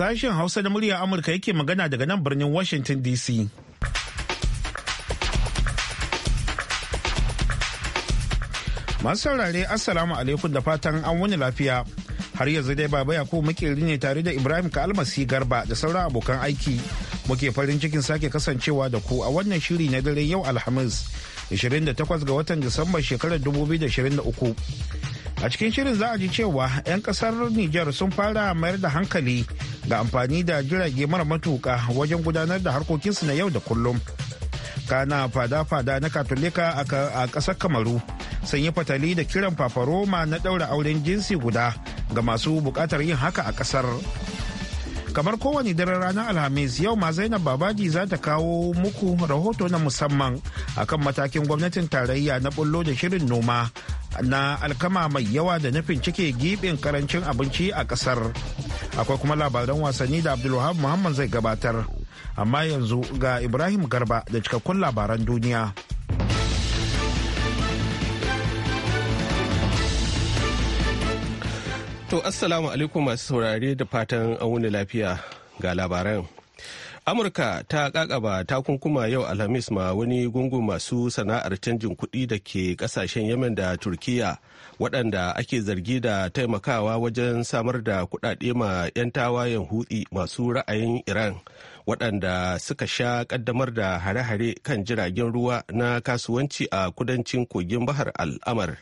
Sashen Hausa na muryar Amurka yake magana daga nan birnin Washington DC. Masu saurare Assalamu alaikum da fatan an wani lafiya. Har yanzu dai Baba Yakubu muke ne tare da Ibrahim Kalmasi Garba da sauran abokan aiki. Muke farin cikin sake kasancewa da ku a wannan shiri na dare yau Alhamis 28 ga watan Disamba shekarar 2023. a cikin shirin za a ji cewa 'yan kasar nijar sun fara mayar da hankali ga amfani da jirage mara matuka wajen gudanar da harkokinsu na yau da kullum kana fada-fada na katolika a kasar kamaru sun yi fatali da kiran fafaroma na ɗaura auren jinsi guda ga masu buƙatar yin haka a ƙasar kamar kowane daren ranar alhamis yau ma zainab babaji za ta kawo muku rahoto na musamman akan matakin gwamnatin tarayya na bullo da shirin noma na alkama mai yawa da nufin cike gibin karancin abinci a kasar akwai kuma labaran wasanni da abdulwahab muhammad zai gabatar amma yanzu ga ibrahim garba da cikakkun labaran duniya to assalamu alaikum masu saurare da fatan auni lafiya ga labaran amurka ta kakaba takunkuma yau alhamis ma wani gungu masu sana'ar canjin kuɗi da ke ƙasashen yemen da turkiya waɗanda ake zargi da taimakawa wajen samar da kuɗaɗe ma 'yan tawayen hutsi masu ra'ayin iran waɗanda suka sha ƙaddamar da hare-hare kan jiragen ruwa na kasuwanci a kudancin kogin bahar al'amar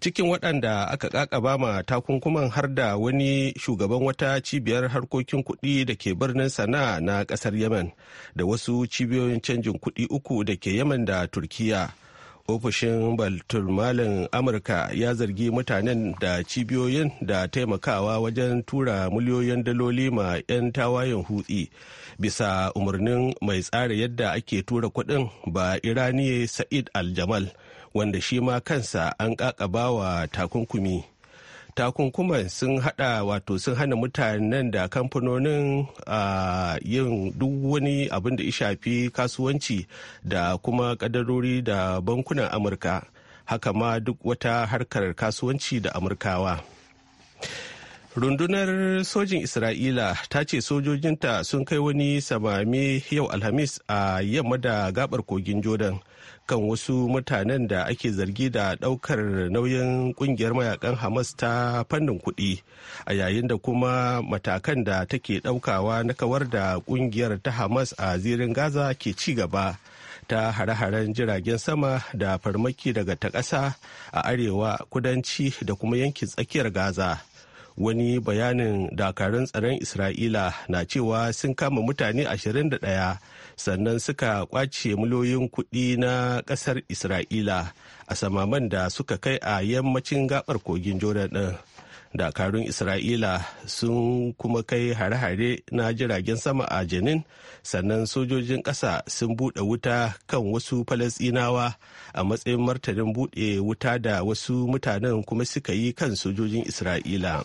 cikin waɗanda aka kakaba ma takunkuman har da wani shugaban wata cibiyar harkokin kuɗi da ke birnin sana'a na ƙasar yemen da wasu cibiyoyin canjin kuɗi uku da ke yemen da turkiya ofishin baltulmalin amurka ya zargi mutanen da cibiyoyin da taimakawa wajen tura miliyoyin daloli ma 'yan tawayen hutsi bisa umarnin mai tsara yadda ake tura kuɗin ba iraniye sa'id aljamal jamal wanda shi ma kansa an ƙaƙabawa takunkumi takunkuman sun hada wato sun hana mutanen da kamfanonin yin duk wani abin da ya shafi kasuwanci da kuma kadarori da bankunan amurka haka ma duk wata harkar kasuwanci da amurkawa rundunar sojin isra'ila ta ce sojojinta sun kai wani samame yau alhamis a yamma da gabar kogin jordan kan wasu mutanen da ake zargi da ɗaukar nauyin ƙungiyar mayakan hamas ta fannin kuɗi a yayin da kuma matakan da take ɗaukawa na kawar da ƙungiyar ta hamas a zirin gaza ke ci gaba ta hare-haren jiragen sama da farmaki daga ta ƙasa a arewa kudanci da kuma yankin tsakiyar gaza. wani bayanin dakarun tsaron isra'ila na cewa sun kama mutane 21 sannan suka kwace miliyoyin kuɗi na ƙasar isra'ila a samaman da suka kai a yammacin gabar kogin jordan ɗin. dakarun isra'ila sun kuma kai hare-hare na jiragen sama a jenin sannan sojojin ƙasa sun buɗe wuta kan wasu falasɗinawa a matsayin martanin buɗe wuta da wasu mutanen kuma suka yi kan sojojin isra'ila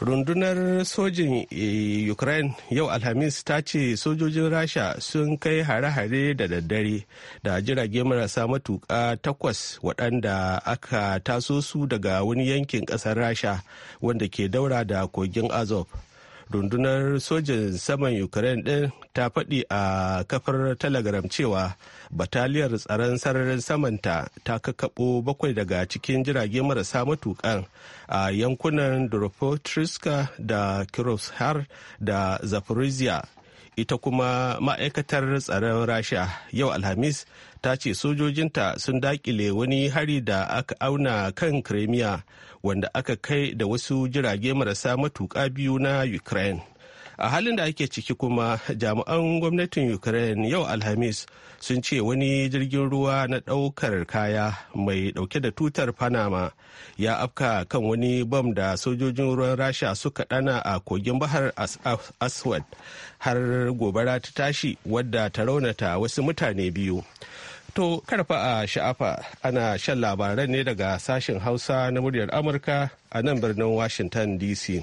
rundunar sojin eh, ukraine yau alhamis ta ce sojojin rasha sun kai hare-hare da daddare da jirage marasa matuƙa takwas waɗanda aka taso su daga wani yankin ƙasar rasha wanda ke daura da kogin azov rundunar sojin saman ukraine din ta faɗi a kafar telegram cewa bataliyar tsaron sararin samanta ta kakkaɓo bakwai daga cikin jirage marasa matukan a yankunan dropotriska da har da zaporizhia ita kuma ma'aikatar tsaron rasha yau alhamis ta ce sojojinta sun dakile wani hari da aka auna kan kremiya wanda aka kai da wasu jirage marasa matuƙa biyu na ukraine a halin da ake ciki kuma jami'an gwamnatin ukraine yau alhamis sun ce wani jirgin ruwa na ɗaukar kaya mai ɗauke da tutar panama ya afka kan wani bam da sojojin ruwan rasha suka ɗana a kogin bahar aswad har gobara ta tashi wadda ta raunata wasu mutane biyu To karfa a sha'afa ana shan labaran ne daga sashen Hausa na muryar Amurka a nan birnin Washington DC.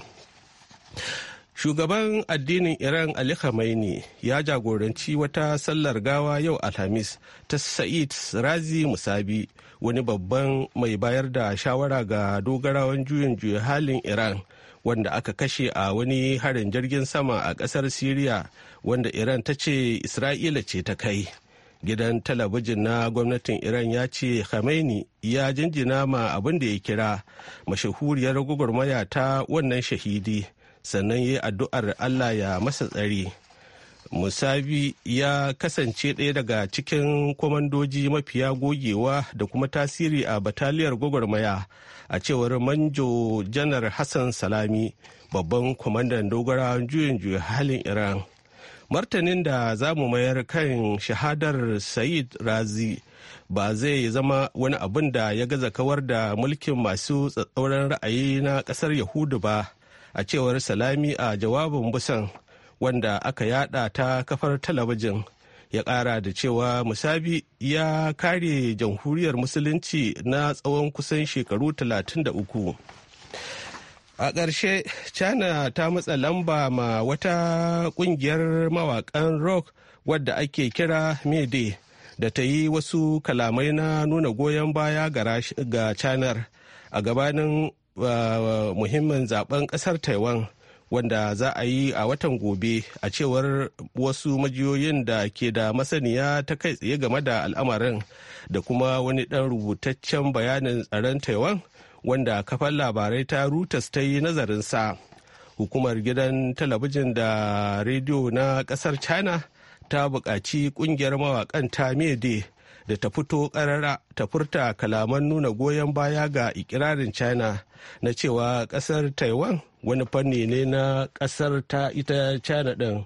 Shugaban addinin Iran Ali Khamenei ya jagoranci wata sallar gawa yau Alhamis ta Sa'id Razi Musabi wani babban mai bayar da shawara ga dogarawan juyin juya halin Iran wanda aka kashe a wani harin jirgin sama a kasar Siriya wanda Iran ta ce Isra'ila ce ta kai. gidan talabijin na gwamnatin iran ya ce khamenei ya jinjina ma abin da ya kira mashahuriyar gwagwarmaya ta wannan shahidi sannan ya yi addu'ar allah ya masa tsari musabi ya kasance ɗaya daga cikin kwamandoji mafiya gogewa da kuma tasiri a bataliyar gwagwarmaya a cewar manjo janar hassan salami babban kwamandan dogara juyin juya halin iran martanin da za mu mayar kan shahadar sayid razi ba zai zama wani abin da ya gaza kawar da mulkin masu tsatsauran ra'ayi na kasar yahudu ba a cewar salami a jawabin busan wanda aka yada ta kafar talabijin ya kara da cewa musabi ya kare jamhuriyar musulunci na tsawon kusan shekaru 33 a ƙarshe china ta matsa lamba ma wata ƙungiyar mawaƙan rock wadda ake kira mayday da ta yi wasu kalamai na nuna goyon baya ga china a gabanin muhimmin zaben ƙasar taiwan wanda za a yi a watan gobe a cewar wasu majiyoyin da ke da masaniya ta kai tsaye game da al'amarin da kuma wani ɗan rubutaccen bayanin tsaron taiwan wanda kafan labarai ta Reuters ta yi nazarinsa. Hukumar gidan talabijin da rediyo na kasar China ta buƙaci ƙungiyar mawaƙan ta Mede da ta fito ƙarara ta furta kalaman nuna goyon baya ga ikirarin China na cewa ƙasar Taiwan wani fanni ne na ƙasar ta ita China ɗin.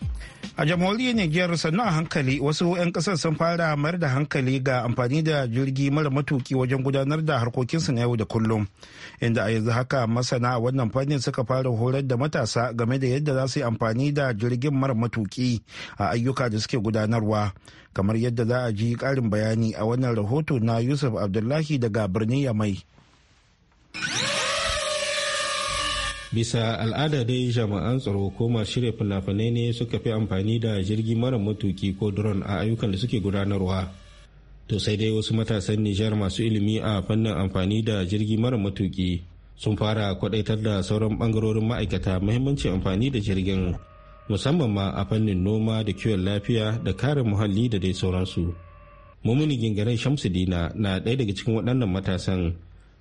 a jamhuriyar niger sannu a hankali wasu 'yan kasar sun fara mayar da hankali ga amfani da jirgi mara matuki wajen gudanar da harkokinsu na yau da kullum inda a yanzu haka masana a wannan fannin suka fara horar da matasa game da yadda za su yi amfani da jirgin mara matuki a ayyuka da suke gudanarwa kamar yadda za a ji karin bayani a wannan rahoto na yusuf abdullahi daga birnin yamai bisa al'ada dai jami'an tsaro ko masu shirya fina-finai ne suka fi amfani da jirgi mara matuki ko drone a ayyukan da suke gudanarwa to sai dai wasu matasan nijar masu ilimi a fannin amfani da jirgi mara matuki sun fara kwadaitar da sauran bangarorin ma'aikata muhimmanci amfani da jirgin musamman ma a fannin noma da kiwon lafiya da kare muhalli da dai sauransu mumuni gingaren shamsu dina na ɗaya daga cikin waɗannan matasan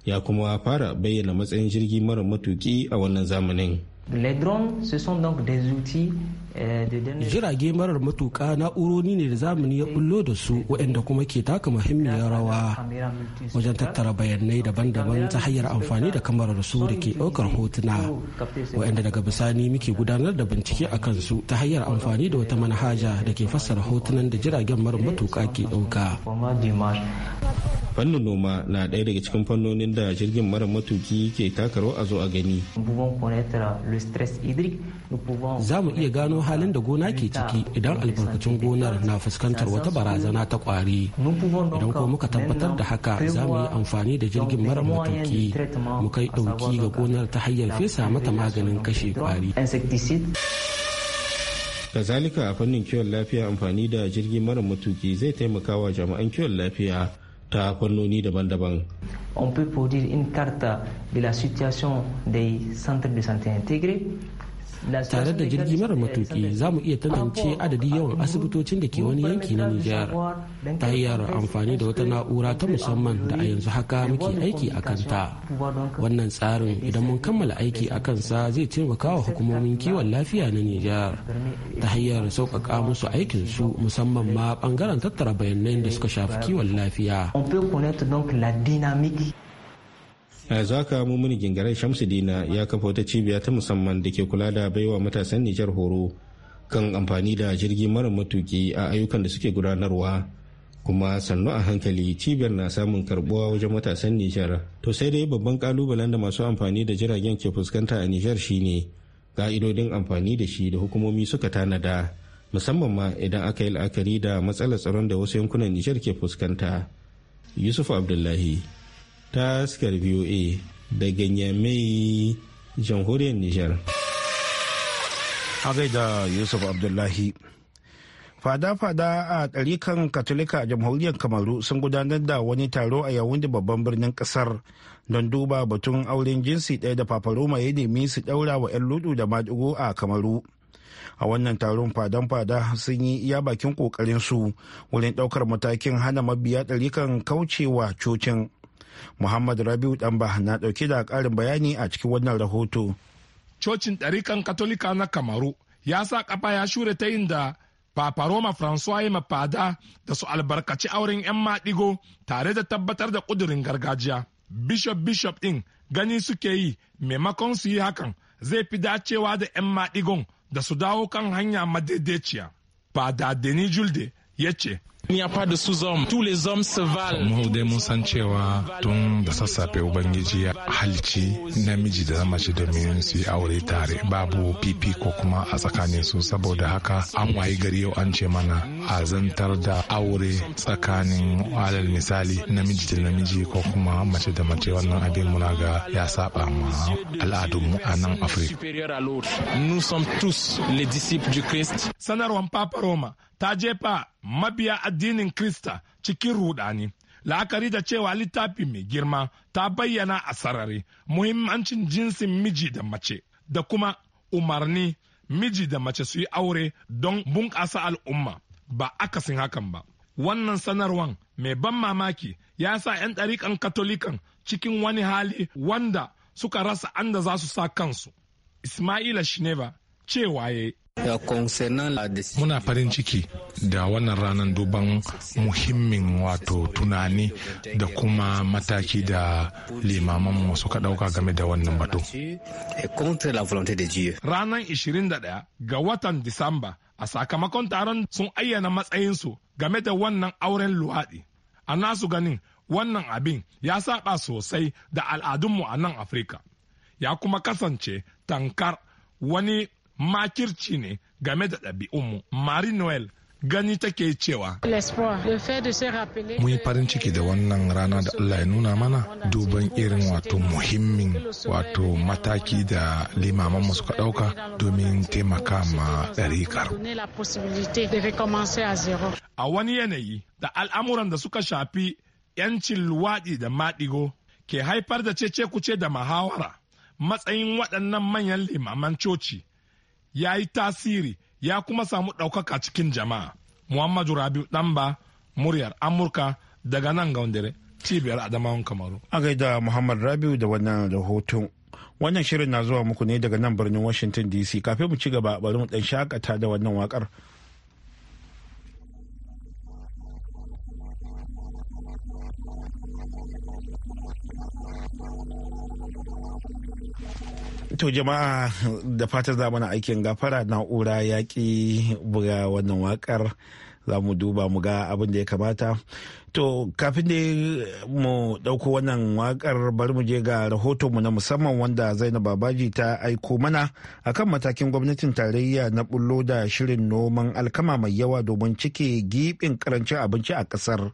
ya kuma fara bayyana matsayin jirgi mara matuki a wannan zamanin Les drones, ce sont donc des outils euh, jirage marar matuƙa na'urori ne da zamani ya bullo da su waɗanda kuma ke taka muhimmiyar rawa wajen tattara bayanai daban-daban ta hanyar amfani da kamarar su da ke ɗaukar hotuna waɗanda daga bisani muke gudanar da bincike a kansu ta hanyar amfani da wata manhaja da ke fassara hotunan da jiragen marar matuƙa ke ɗauka fannin noma na ɗaya daga cikin fannonin da jirgin mara matuki ke takarwa a zo a gani Za mu iya gano halin da gona ke ciki idan albarkacin gonar na fuskantar wata barazana ta kwari. Idan ko muka tabbatar da haka za mu yi amfani da jirgin mara matuki mu kai ɗauki ga gonar ta hanyar fesa mata maganin kashe kwari. kazalika a fannin kiwon lafiya amfani da jirgin mara matuki zai taimaka wa jami'an kiwon lafiya On peut produire une carte de la situation des centres de santé intégrés tare da jirgi mara matuki za mu iya tantance adadi yawan asibitocin da ke wani yanki na nijar ta hanyar amfani da wata na'ura ta musamman da a yanzu haka muke aiki a kanta wannan tsarin idan mun kammala aiki a kansa zai taimaka wa hukumomin kiwon lafiya na nijar ta hanyar sauƙaƙa musu aikin su musamman ma ɓangaren tattara bayanai da suka shafi kiwon lafiya. yanzu haka mumuni gingaren shamsudina ya kafa wata cibiya ta musamman da ke kula da baiwa matasan nijar horo kan amfani da jirgi mara matuki a ayyukan da suke gudanarwa kuma sannu a hankali cibiyar na samun karbuwa wajen matasan nijar to sai dai babban kalubalen da masu amfani da jiragen ke fuskanta a nijar shine ka'idodin amfani da shi da hukumomi suka tanada musamman ma idan aka yi la'akari da matsalar tsaron da wasu yankunan nijar ke fuskanta yusuf abdullahi ta askar voa daga nyamai jamhuriyar nijar a gaida yusuf abdullahi fada-fada a ɗarikan katolika a jamhuriyar kamaru sun gudanar da wani taro a yawun babban birnin ƙasar don duba batun auren jinsi ɗaya da fafaroma ya nemi su ɗaura wa 'yan ludu da maɗigo a kamaru a wannan taron fadan-fada sun yi iya bakin su wurin ɗaukar matakin hana mabiya ɗarikan kaucewa cocin Muhammad Rabiu Ɗanba na ɗauke da ƙarin bayani a cikin wannan rahoto. Cocin ɗarikan Katolika na Kamaru ya sa ƙafa ya shure ta yin da Papa Roma Francois Mafada da su albarkaci auren 'yan maɗigo tare da tabbatar da ƙudurin gargajiya. Bishop Bishop ɗin gani suke yi maimakon su yi hakan zai fi dacewa da 'yan maɗigon da su dawo kan hanya madaidaiciya. Fada Denis Julde ya ce, dai mun san cewa tun da sassafe ubangiji ya halici namiji da mace domin su yi aure tare babu pipi ko kuma a tsakanin su saboda haka an wayi gari yau an ce mana a zantar da aure tsakanin alal misali namiji da namiji ko kuma mace da mace wannan abin muna ga ya saba ma al'adunmu a nan afirka sanarwar papa roma ta jefa mabiya addinin Krista cikin rudani. La'akari da cewa littafi mai girma ta bayyana a sarari muhimmancin jinsin miji da mace da kuma umarni miji da mace su yi aure don bunƙasa al'umma ba akasin hakan ba. Wannan sanarwan mai ban mamaki ya sa 'yan ɗariƙan katolikan cikin wani hali wanda suka rasa anda za su sa kansu. Ismaila Shineva cewa ya Muna farin ciki da wannan ranar duban muhimmin wato tunani da kuma mataki da limamanmu suka ɗauka game da wannan batu. Ranar 21 ga watan Disamba a sakamakon taron sun ayyana matsayinsu game da wannan auren luwaɗi. A nasu ganin wannan abin ya saba sosai da al'adunmu a nan Afirka. Ya kuma kasance tankar wani makirci ne game da ɗabi'unmu marie noel gani take cewa Muyi farin ciki da wannan rana da Allah ya nuna mana duban irin wato muhimmin wato mataki da limaman mu suka dauka domin taimaka ma ɗarikar a wani yanayi da al'amuran da suka shafi 'yancin luwaɗi da maɗigo ke haifar da cece kuce da mahawara matsayin waɗannan manyan limaman coci ya yi tasiri ya kuma samu ɗaukaka cikin jama'a muhammadu rabiu ɗanba muryar amurka daga nan ga wanda cibiyar adamawan kamaru a gaida muhammad rabiu da wannan rahoton wannan shirin na zuwa muku ne daga nan birnin washington dc kafin mu ci gaba bari mu ɗan shakata da wannan wakar Thank you. To jama'a da fatar za mana aikin gafara na'ura ya ki buga wannan wakar za mu duba mu ga abin da ya kamata. To kafin da mu ɗauko wannan wakar bari mu je ga rahotonmu na musamman wanda Zainab Babaji ta aiko mana akan matakin gwamnatin tarayya na bullo da shirin noman alkama mai yawa domin cike giɓin karancin abinci a ƙasar.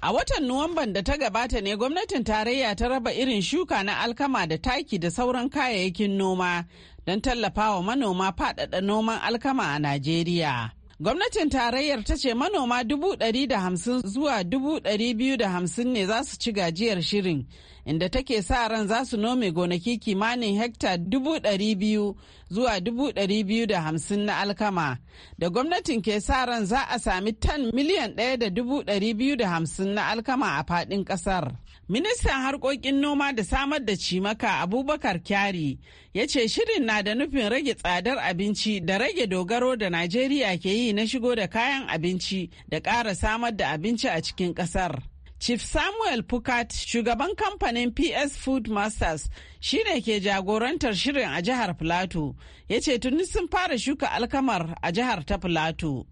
A watan Nuwamban da ta gabata ne gwamnatin tarayya ta raba irin shuka na alkama da taki da sauran kayayyakin noma don tallafa wa manoma faɗaɗa noman alkama a Najeriya. Gwamnatin tarayyar ta ce manoma dubu dari da hamsin zuwa dubu dari biyu da hamsin ne za su ci gajiyar shirin, inda take sa ran za su nome gonaki kimanin hekta dubu dari biyu zuwa dubu dari biyu da hamsin na alkama. Da gwamnatin ke sa ran za a sami tan miliyan ɗaya da dubu dari biyu da hamsin na alkama a faɗin ƙasar. Ministan harkokin noma da samar da cimaka Abubakar Kyari ya ce shirin na da nufin rage tsadar abinci da rage dogaro da Najeriya ke yi na shigo da kayan abinci da ƙara samar da abinci a cikin ƙasar. Chief Samuel Pukat, shugaban kamfanin PS Food Masters, shi ne ke jagorantar shirin a jihar Filato, ya ce tuni sun fara shuka alkamar a jihar ta Filato.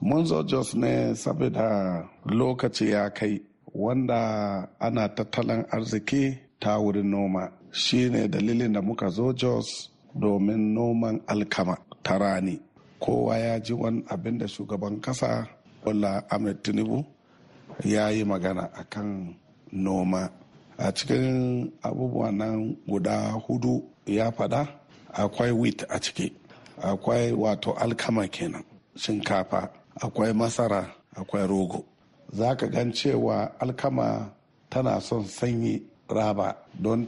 Mun zo Jos ne saboda lokaci ya kai wanda ana tattalin arziki ta wurin noma shine dalilin da muka zo jos domin noman alkama ta rani kowa ya ji wani abin da shugaban kasa bola ahmed tinubu ya yi magana akan noma a cikin abubuwa nan guda hudu ya fada akwai wheat a ciki akwai wato alkama kenan shinkafa akwai masara akwai rogo za ka gan cewa alkama tana son sanyi raba don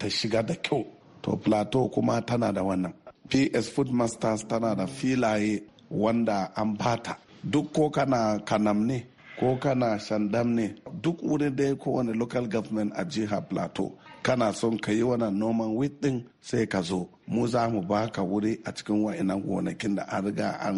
ta shiga da kyau to plateau kuma tana da wannan ps food masters tana da filaye wanda an bata duk ko kana kanam ne ko kana shandam ne duk wuri dai ko wani local government a jiha plateau kana son ka yi wannan noman wheat din sai ka zo mu za mu baka wuri a cikin wa'inan gonakin da an riga an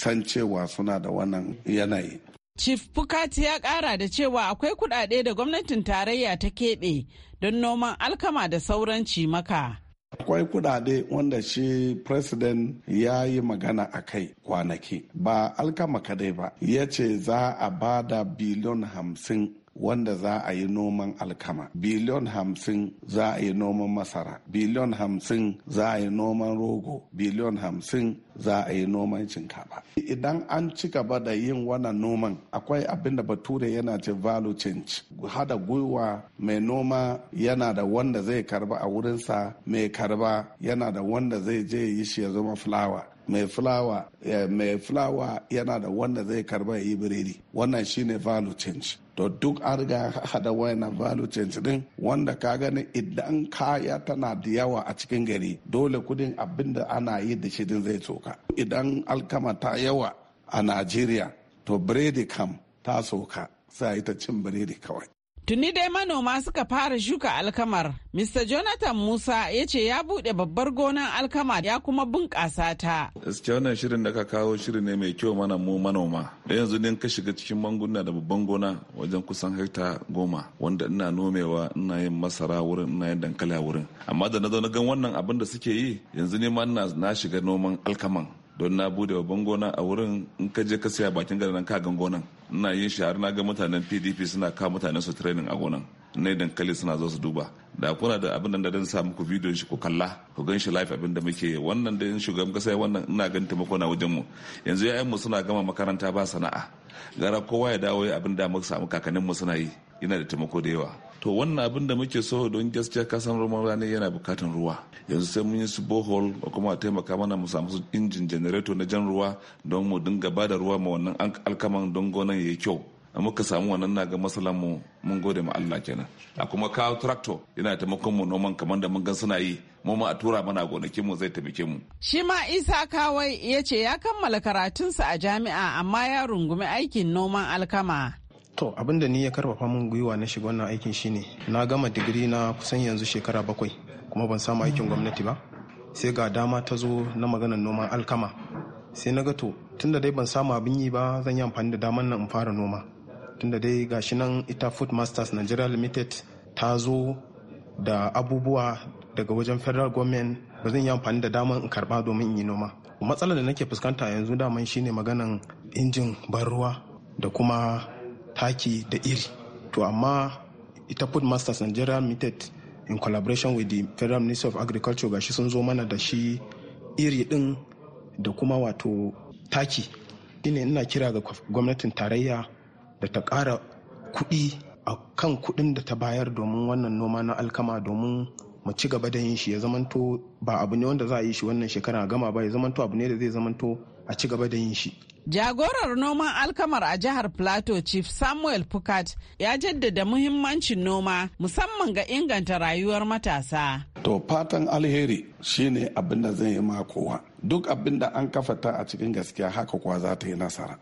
san cewa suna da wannan yanayi Chief Pukati ya kara da cewa akwai kudade da gwamnatin tarayya ta keɓe don noman alkama da sauran cimaka. akwai kudade wanda shi president ya yi magana a kai kwanaki ba alkama kadai ba ya ce za a bada biliyon hamsin wanda za a yi noman alkama biliyon hamsin za a yi noman masara biliyon hamsin za a yi noman rogo biliyon hamsin za a yi noman shinkafa idan an ci gaba da yin wannan noman akwai abin da bature yana ce value change hada gwiwa mai noma yana da wanda zai karba a wurinsa mai karba yana da wanda zai je yi shi ya zama fulawa mai fulawa mai fulawa yana da wanda zai karba yi biredi wannan shine value change to duk an riga hada wayan value change din wanda ka gani idan kaya tana da yawa a cikin gari dole kudin abinda ana yi da shi din zai soka idan alkama ta yawa a najeriya to biredi kam ta soka sai ta cin biredi kawai Tuni dai manoma suka fara shuka alkamar. Mr. Jonathan Musa ya ce ya buɗe babbar gonan alkama ya kuma bunƙasa ta. Gaskiya wannan shirin da ka kawo shiri ne mai kyau mana mu manoma. Da yanzu ne ka shiga cikin manguna da babban gona wajen kusan hekta goma wanda ina nomewa ina yin masara wurin ina yin dankali a wurin. Amma da na zo na gan wannan abin da suke yi yanzu ne ma na shiga noman alkaman. don na bude babban gona a wurin in ka je ka siya bakin garin ka gan gonan ina yin shi har na ga mutanen pdp suna ka mutanen su training a gonan ne dankali suna zo su duba da kuna da abin da zan sa muku video shi ku kalla ku gan shi live abin da muke wannan da shugaban kasa wannan ina gan taimako na wajen mu yanzu yayan mu suna gama makaranta ba sana'a gara kowa ya dawo abin da muka samu kakannin mu suna yi ina da taimako da yawa to wannan abin da muke so don gaskiya kasan roman rani yana bukatan ruwa yanzu sai mun yi su bohol kuma a taimaka mana mu samu injin janareto na jan ruwa don mu dinga ba da ruwa ma wannan alkaman don gonan yayi kyau muka samu wannan na ga masalan mu mun gode ma Allah kenan a kuma ka tractor yana taimakon mu noman kamar da mun gan suna yi mu ma a tura mana gonakin mu zai taimake mu shi ma Isa Kawai ya ce ya kammala karatunsa a jami'a amma ya rungumi aikin noman alkama To abin da ni ya karfafa min gwiwa na shiga wannan aikin shine na gama digiri na kusan yanzu shekara bakwai kuma ban samu aikin gwamnati ba sai ga dama ta zo na maganar noman alkama sai na ga to tunda dai ban samu abin yi ba zan yi amfani da daman nan in fara noma tunda dai gashi nan ita food masters nigeria limited ta zo da abubuwa daga wajen federal government ba zan yi amfani da daman in karba domin in yi noma matsalar da nake fuskanta yanzu daman shine maganan injin ban ruwa da kuma taki da iri to amma ita food masters nigeria limited in collaboration with the federal ministry of agriculture gashi sun zo mana da shi iri din da kuma wato taki Ina ina kira ga gwamnatin tarayya da ta kara kuɗi a kan kuɗin da ta bayar domin wannan noma na alkama domin mu ci gaba da yin shi ya zamanto ba abu ne wanda za a yi shi wannan shekara gama ba ya zamanto abu ne da zai zamanto a ci gaba da yin shi Jagorar noman alkamar a jihar Plateau Chief Samuel Pukat ya jaddada muhimmancin noma musamman ga inganta rayuwar matasa. To fatan alheri shine abin da zai yi ma Duk abin da an kafa ta a cikin gaskiya haka kuwa za ta yi nasara.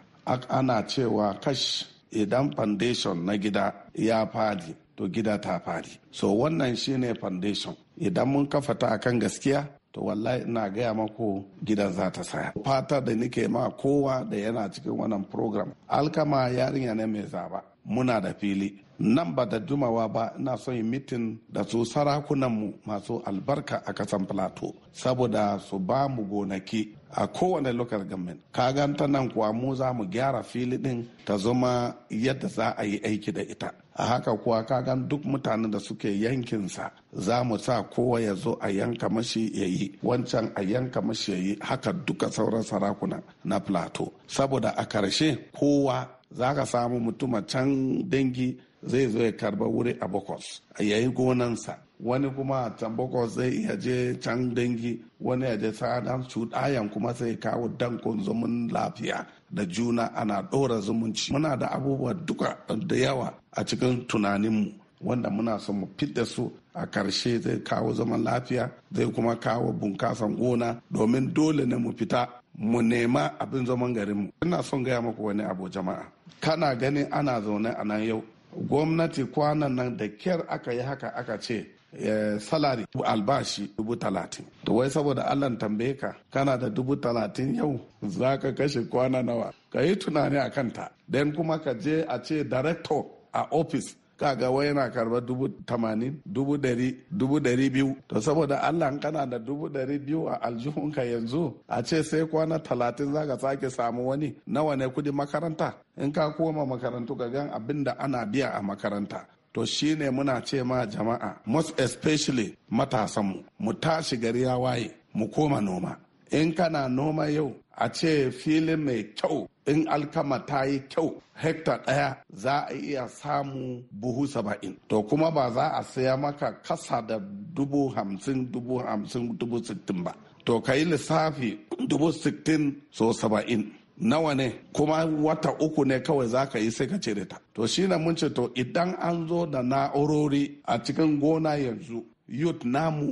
Ana cewa kash idan foundation na gida ya fadi to gida ta fari so wannan shi ne foundation idan mun kafa ta akan gaskiya to wallahi ina gaya mako gidan za ta saya fata da nike ma kowa da yana cikin wannan program alkama yarinya ne mai zaba muna da fili nan ba da dumawa ba ina son yi mitin da su sarakunanmu masu albarka a kasan plateau saboda su ba mu gonaki a kowane local government kagan ta nan kuwa mu za mu gyara fili din ta zama yadda za a yi aiki da ita a haka kuwa kagan duk mutanen da suke yankinsa za mu sa kowa ya zo a yanka mashi ya yi wancan a yanka mashi ya yi haka duka sauran sarakuna na plateau saboda a karshe kowa za ka samu mutuma can dangi zai zo ya karba wuri a bokos a yayi gonansa wani kuma a can bokos zai iya je can dangi wani ya je sadan cuɗayan kuma sai kawo dankon zumun lafiya da juna ana ɗora zumunci muna da abubuwa duka da yawa a cikin tunaninmu wanda muna son mu fidda su a karshe zai kawo zaman lafiya zai kuma kawo bunkasan gona domin dole ne mu fita mu nema abin zaman garinmu ina son gaya muku wani abu jama'a kana ganin ana zaune a nan yau gwamnati kwanan nan da kyar aka yi haka aka ce eh, salari albashi dubu talatin to wai saboda allan tambaye ka kana da dubu talatin yau za ka kashe kwana nawa ka yi tunani a kanta don kuma ka je a ce director a office kaga wai yana karba dubu tamanin dubu dari dubu dari biyu to saboda allah kana da dubu dari biyu a aljihunka yanzu a ce sai kwana talatin zaka sake samu wani nawa ne kudi makaranta in ka koma makarantu ka gan abin da ana biya a makaranta to shine muna ce ma jama'a most especially matasanmu mu tashi gari ya waye mu koma noma in kana noma yau a ce fili mai kyau in alkama ta yi kyau hekta ɗaya za a iya samu buhu saba'in to kuma ba za a saya maka kasa da dubu hamsin dubu hamsin dubu sittin ba to ka yi lissafi dubu sittin so saba'in nawa ne kuma wata uku ne kawai za ka yi sai ka cire ta to shi na mun ce to idan an zo da na'urori a cikin gona yanzu youth namu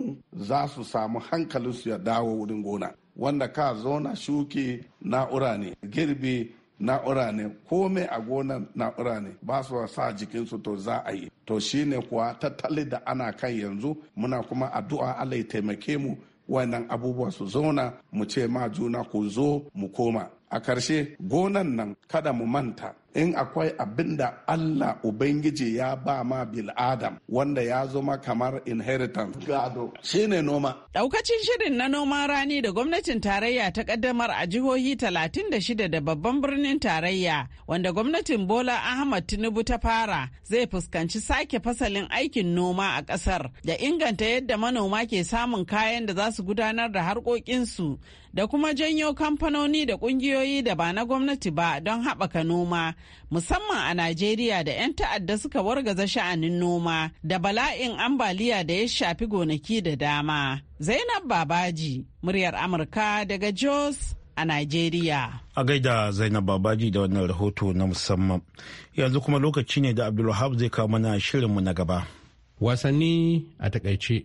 za su samu hankalinsu ya dawo wurin gona wanda ka zauna shuki na'ura ne girbi na'ura ne komai a gonan na'ura ne ba su sa jikinsu to za a yi to shine kuwa tattali da ana kan yanzu muna kuma addu'a allah ya taimake mu wannan abubuwa su zauna mu ce ma juna ku zo mu koma a karshe gonan nan kada mu manta in akwai abin da Allah Ubangiji ya ba ma bil'adam wanda ya zama kamar inheritance gado ne noma. Daukacin shirin na noman rani da gwamnatin tarayya ta kaddamar a jihohi 36 da babban birnin tarayya wanda gwamnatin Bola Ahmad Tinubu ta fara zai fuskanci sake fasalin aikin noma a kasar da inganta yadda manoma ke samun kayan da za su gudanar da harkokinsu da kuma janyo kamfanoni da kungiyoyi da ba na gwamnati ba don haɓaka noma musamman a Najeriya da 'yan ta'adda suka wargaza sha'anin noma da bala'in ambaliya da ya shafi gonaki da dama. Zainab Babaji, muryar Amurka daga Jos a Najeriya. A gaida Zainab Babaji da wannan rahoto na musamman. Yanzu kuma lokaci ne da Abdulwahab zai kawo mana shirinmu na gaba. Wasanni a takaice.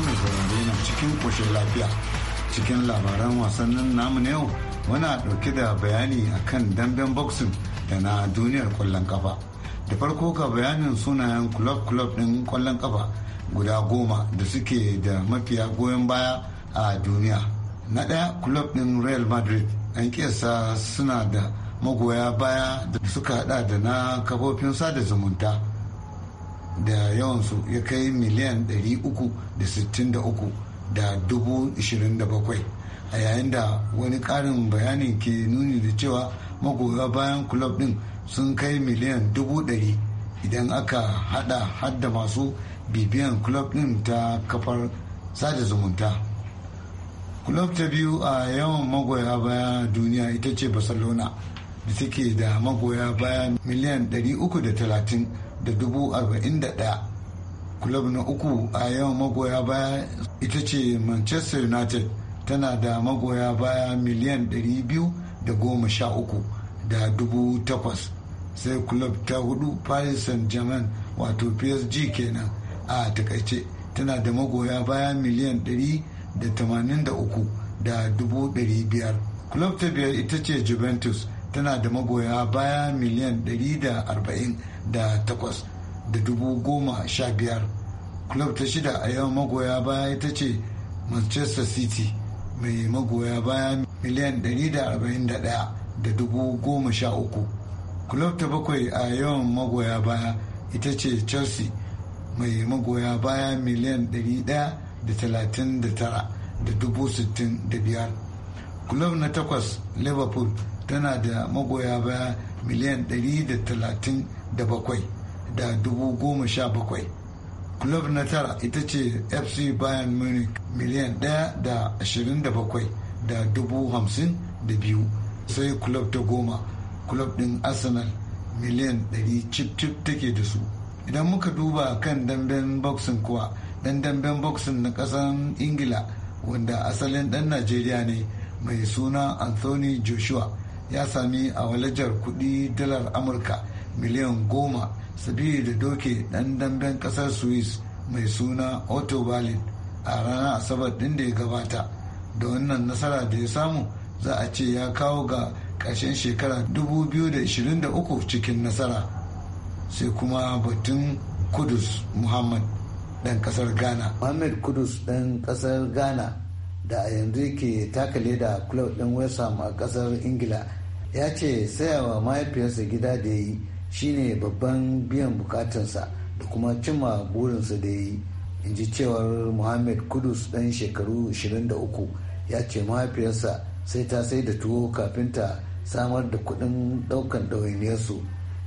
fatan mai saurare na cikin koshin lafiya cikin labaran wasannin namu na yau muna dauke da bayani a kan damben boxing da na duniyar kwallon kafa da farko ka bayanin sunayen club club din kwallon kafa guda goma da suke da mafiya goyon baya a duniya na ɗaya club din real madrid an kesa suna da magoya baya da suka hada da na kafofin sada zumunta da yawansu ya kai miliyan 363 da a yayin da wani ƙarin bayani ke nuni da cewa magoya bayan kulob din sun kai miliyan 100 idan aka hada hadda masu bibiyan kulob din ta kafar sada zumunta kulob ta biyu a yawan magoya baya duniya ita ce barcelona da take da magoya baya miliyan 330 da dubu arba'in da ɗaya kulab na uku a yawan magoya baya ita ce manchester united tana da magoya baya miliyan biyu da goma sha uku da dubu takwas sai kulab ta hudu paris saint-germain wato psg kenan a takaice tana da magoya baya miliyan ɗari da uku da dubu biyar. kulab ta biyar ita ce juventus tana da magoya baya miliyan 148 da takwas da dubu goma sha biyar club ta shida a yawan magoya baya ita ce manchester city mai magoya baya miliyan 141 da dubu goma sha uku club ta bakwai a yawan magoya baya ita ce chelsea mai magoya baya miliyan 139 da dubu 65 club na takwas liverpool tana da magoya baya miliyan 137 da dubu goma sha bakwai club na tara ita ce fc bayern munich miliyan 1 da 27 da dubu hamsin da biyu sai club ta goma club din arsenal miliyan 100 cip cip take da su idan muka duba kan damben boxing kuwa dan damben boxing na kasan ingila wanda asalin dan najeriya ne mai suna anthony joshua ya sami a walajar kudi dalar amurka miliyan goma sabili da doke ɗan damben kasar swiss mai suna otto berlin a ranar asabar ɗin da ya gabata da wannan nasara da ya samu za a ce ya kawo ga ƙarshen shekara 2023 cikin nasara sai kuma batun kudus muhammad dan kasar ghana muhammad kudus ɗan ƙasar ghana da a yanzu ke taka leda club ɗin west a ƙasar ingila ya ce sayawa mahaifiyarsa gida da ya yi shine babban biyan bukatansa da kuma cimma burinsa da ya yi in ji cewar muhammad kudus ɗan shekaru 23 ya ce mahaifiyarsa sai ta sai da tuwo kafin ta samar da kuɗin ɗaukan ɗawainiyarsu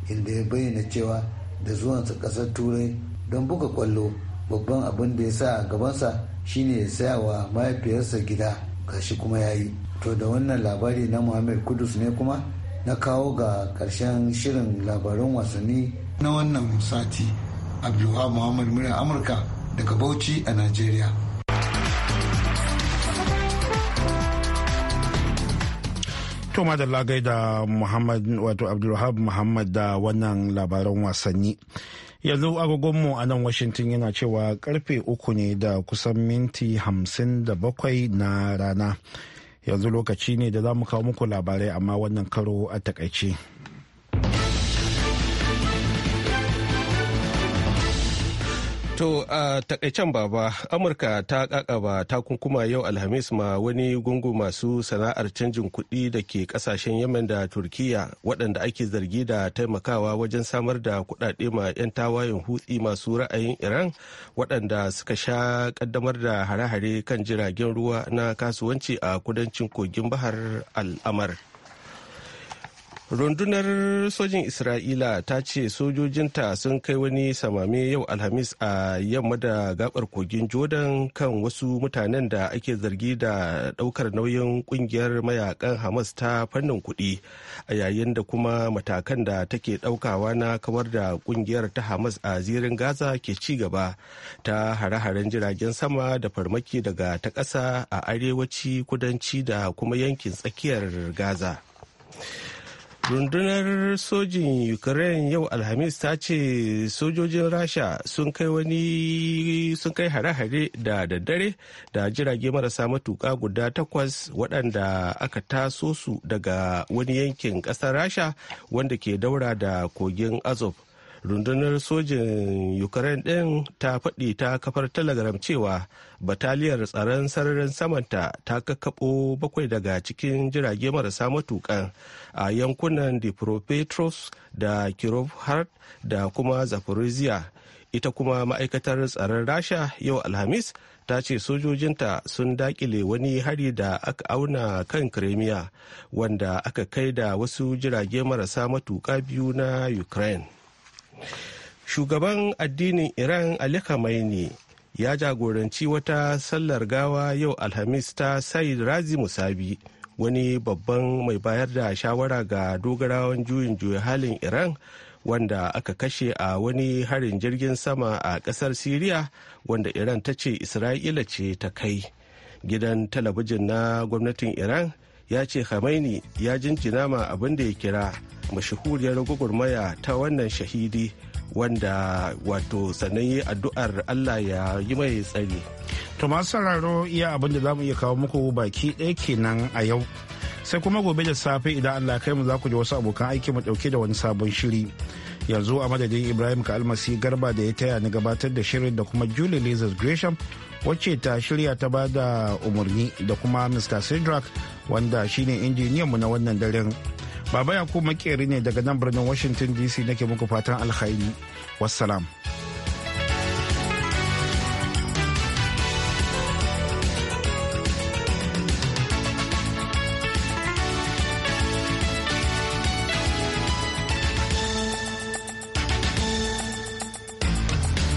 inda ya bayyana cewa da zuwansa ƙasar turai don buga kwallo babban abin da ya sa gabansa shine ya mahaifiyarsa gida gashi kuma ya yi to da wannan labari na muhammed kudus ne kuma na kawo ga karshen shirin labaran wasanni na wannan sati abdullahi muhammad murya amurka daga bauchi a nigeria To da lagai da Muhammad wato Abdulwahab Muhammad da wannan labaran wasanni. yanzu agogonmu a nan washington yana cewa karfe uku ne da kusan minti hamsin da bakwai na rana yanzu lokaci ne da za mu kawo muku labarai amma wannan karo a takaice. To a takaicen baba Amurka ta kakaba takunkuma yau Alhamis ma wani gungu masu sana'ar canjin kuɗi da ke kasashen Yemen da Turkiya waɗanda ake zargi da taimakawa wajen samar da kuɗaɗe ma 'yan tawayen hutsi masu ra'ayin Iran waɗanda suka sha ƙaddamar da hare-hare kan jiragen ruwa na kasuwanci a kudancin kogin Bahar Al'amar. rundunar sojin isra'ila ta ce sojojinta sun kai wani samame yau alhamis a yamma da gabar kogin jordan kan wasu mutanen da ake zargi da daukar nauyin kungiyar mayakan hamas ta fannin kuɗi a yayin da kuma matakan da take daukawa na kawar da kungiyar ta hamas a zirin gaza ke ci gaba ta hare-haren jiragen sama da farmaki daga ta ƙasa a arewaci kudanci da kuma yankin tsakiyar gaza rundunar sojin ukraine yau alhamis ta ce sojojin rasha sun kai wani sun kai hare-hare da daddare da jirage marasa matuka guda takwas waɗanda aka taso su daga wani yankin ƙasar rasha wanda ke daura da kogin azov rundunar sojin ukraine ɗin ta faɗi ta kafar telegram cewa bataliyar tsaron sararin samanta ta kakkaɓo bakwai daga cikin jirage marasa matukan a yankunan dipropetros da kirov hart da kuma zaporizhia ita kuma ma'aikatar tsaron rasha yau alhamis ta ce sojojinta sun dakile wani hari da aka auna kan kremiya wanda aka kai da wasu jirage marasa matuka biyu na ukraine shugaban addinin iran ali khamenei ya jagoranci wata sallar gawa yau alhamis ta said razi musabi wani babban mai bayar da shawara ga dogarawan juyin juya halin iran wanda aka kashe a wani harin jirgin sama a kasar siriya wanda iran ta ce isra'ila ce ta kai gidan talabijin na gwamnatin iran ya ce khamenei ya jinjina ma abin da ya kira mashahuriyar gwagwarmaya ta wannan shahidi wanda wato sannan addu'ar Allah ya yi mai tsari. To masu sauraro iya abin da za mu iya kawo muku baki ɗaya kenan a yau. Sai kuma gobe da safe idan Allah kai mu za ku ji wasu abokan aiki mu ɗauke da wani sabon shiri. Yanzu a madadin Ibrahim ka garba da ya taya ni gabatar da shirin da kuma Julie Lizard Gresham wacce ta shirya ta ba da umarni da kuma Mr. Sidrak wanda shine injiniyan mu na wannan daren. Baba Yakubu makeri ne daga nan birnin Washington DC nake muku fatan alkhairi. Wassalam.